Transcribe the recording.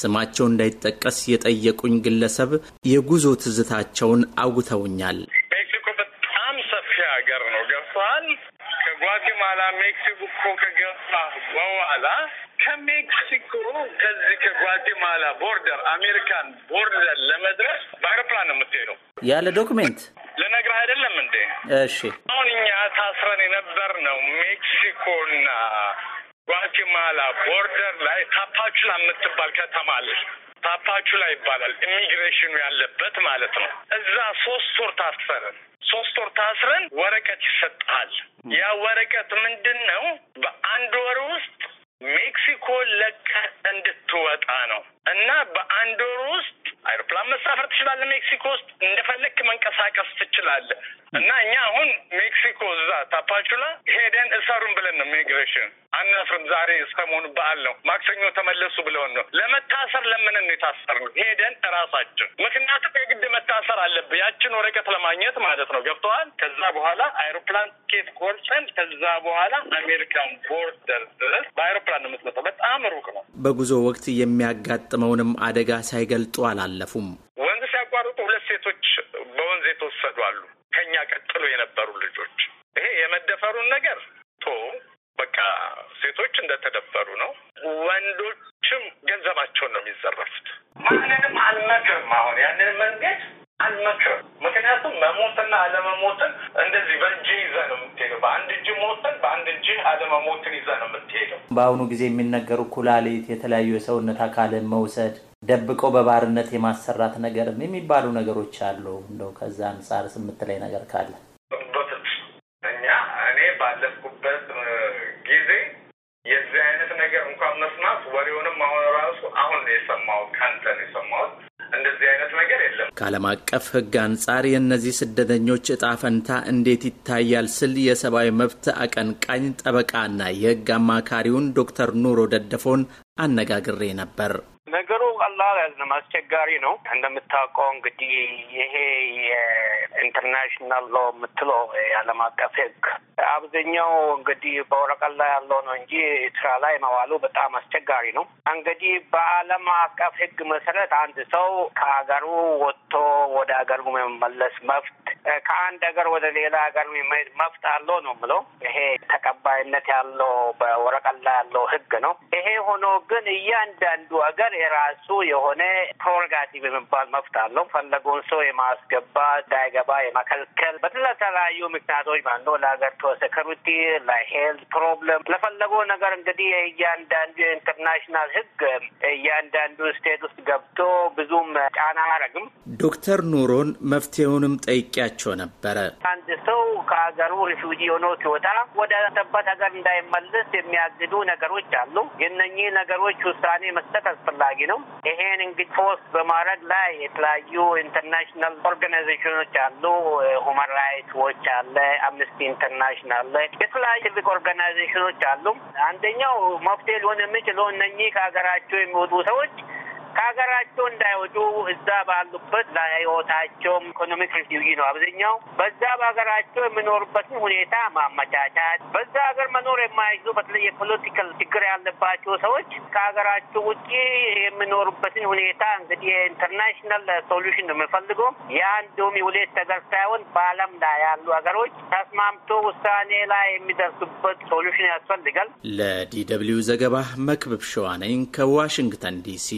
ስማቸው እንዳይጠቀስ የጠየቁኝ ግለሰብ የጉዞ ትዝታቸውን አውግተውኛል። ሜክሲኮ በጣም ሰፊ ሀገር ነው። ገብቷል። ከጓቴማላ ሜክሲኮ ከገባ በኋላ ከሜክሲኮ ከዚህ ከጓቴማላ ቦርደር አሜሪካን ቦርደር ለመድረስ በአይሮፕላን ነው የምትሄደው ያለ ዶክሜንት ልነግርህ አይደለም እንዴ? እሺ አሁን እኛ ታስረን የነበር ነው ሜክሲኮና ጓቲማላ ቦርደር ላይ ታፓቹላ የምትባል ከተማ አለች። ታፓቹላ ይባላል። ኢሚግሬሽኑ ያለበት ማለት ነው። እዛ ሶስት ወር ታሰረን ሶስት ወር ታስረን ወረቀት ይሰጥሃል። ያ ወረቀት ምንድን ነው? በአንድ ወር ውስጥ ሜክሲኮ ለቀ እንድትወጣ ነው እና በአንድ ወር ውስጥ አይሮፕላን መሳፈር ትችላለህ። ሜክሲኮ ውስጥ እንደፈለክ መንቀሳቀስ ትችላለህ። እና እኛ አሁን ሜክሲኮ እዛ ታፓቹላ አልፈሩም ብለን ነው ኢሚግሬሽን አናፍርም። ዛሬ ሰሞኑ በዓል ነው፣ ማክሰኞ ተመለሱ ብለውን ነው ለመታሰር ለምንን የታሰር ነው ሄደን እራሳችን። ምክንያቱም የግድ መታሰር አለብህ ያችን ወረቀት ለማግኘት ማለት ነው። ገብተዋል። ከዛ በኋላ አይሮፕላን ኬት ቆርሰን ከዛ በኋላ አሜሪካን ቦርደር ድረስ በአይሮፕላን ነው የምትመጣው። በጣም ሩቅ ነው። በጉዞ ወቅት የሚያጋጥመውንም አደጋ ሳይገልጡ አላለፉም። ወንዝ ሲያቋርጡ ሁለት ሴቶች በወንዝ የተወሰዱ አሉ። ከኛ ቀጥሎ የነበሩ ልጆች ይሄ የመደፈሩን ነገር ስለተደፈሩ ነው። ወንዶችም ገንዘባቸውን ነው የሚዘረፉት። ማንንም አልመክርም። አሁን ያንን መንገድ አልመክርም። ምክንያቱም መሞትና አለመሞትን እንደዚህ በእጅ ይዘ ነው የምትሄደው። በአንድ እጅ ሞትን፣ በአንድ እጅ አለመሞትን ይዘ ነው የምትሄደው። በአሁኑ ጊዜ የሚነገሩ ኩላሊት፣ የተለያዩ የሰውነት አካልን መውሰድ፣ ደብቀው በባርነት የማሰራት ነገርም የሚባሉ ነገሮች አሉ። እንደው ከዛ አንጻር ስምት ላይ ነገር ካለ እኛ እኔ ባለፍኩ የሰማሁት ካንተ የሰማሁት። እንደዚህ አይነት ነገር የለም። ከዓለም አቀፍ ሕግ አንጻር የእነዚህ ስደተኞች እጣ ፈንታ እንዴት ይታያል ስል የሰብአዊ መብት አቀንቃኝ ጠበቃና የሕግ አማካሪውን ዶክተር ኑሮ ደደፎን አነጋግሬ ነበር። ነገሩ ቀላል አይደለም፣ አስቸጋሪ ነው። እንደምታውቀው እንግዲህ ይሄ የኢንተርናሽናል ሎ የምትለው የዓለም አቀፍ ሕግ አብዛኛው እንግዲህ በወረቀት ላይ ያለው ነው እንጂ ስራ ላይ መዋሉ በጣም አስቸጋሪ ነው። እንግዲህ በዓለም አቀፍ ሕግ መሰረት አንድ ሰው ከሀገሩ ወጥቶ ወደ ሀገሩ የመመለስ መብት ከአንድ ሀገር ወደ ሌላ ሀገር የመሄድ መብት አለው ነው የምለው። ይሄ ተቀባይነት ያለው በወረቀት ላይ ያለው ሕግ ነው። ይሄ ሆኖ ግን እያንዳንዱ ሀገር የራሱ የሆነ ፕሮሮጋቲቭ የሚባል መብት አለው። ፈለገውን ሰው የማስገባት እንዳይገባ የመከልከል በተለያዩ ምክንያቶች ባለው ለሀገር ለሴኩሪቲ፣ ለሄልት ፕሮብለም፣ ለፈለገው ነገር እንግዲህ የእያንዳንዱ የኢንተርናሽናል ህግ እያንዳንዱ ስቴት ውስጥ ገብቶ ብዙም ጫና አረግም። ዶክተር ኑሮን መፍትሄውንም ጠይቄያቸው ነበረ። አንድ ሰው ከሀገሩ ሪፊውጂ ሆኖ ሲወጣ ወደ ተበት ሀገር እንዳይመልስ የሚያግዱ ነገሮች አሉ። የእነኚህ ነገሮች ውሳኔ መስጠት አስፈላጊ ነው። ይሄን እንግዲህ ፖስት በማድረግ ላይ የተለያዩ ኢንተርናሽናል ኦርጋናይዜሽኖች አሉ። ሁማን ራይትስ ዎች አለ፣ አምነስቲ ኢንተርናሽናል አለ። የተለያዩ ሲቪክ ኦርጋናይዜሽኖች አሉ። አንደኛው መፍትሄ ሊሆን የሚችለው እነኚህ ከሀገራቸው የሚወጡ ሰዎች ከሀገራቸው እንዳይወጡ እዛ ባሉበት ለህይወታቸውም ኢኮኖሚክ ሪፊውጂ ነው አብዛኛው። በዛ በሀገራቸው የሚኖሩበትን ሁኔታ ማመቻቻት፣ በዛ ሀገር መኖር የማይዙ በተለይ የፖለቲካል ችግር ያለባቸው ሰዎች ከሀገራቸው ውጭ የሚኖሩበትን ሁኔታ እንግዲህ የኢንተርናሽናል ሶሉሽን ነው የምፈልገው። የአንዱም የሁለት ሀገር ሳይሆን በዓለም ላይ ያሉ ሀገሮች ተስማምቶ ውሳኔ ላይ የሚደርሱበት ሶሉሽን ያስፈልጋል። ለዲ ደብልዩ ዘገባ መክብብ ሸዋነኝ ከዋሽንግተን ዲሲ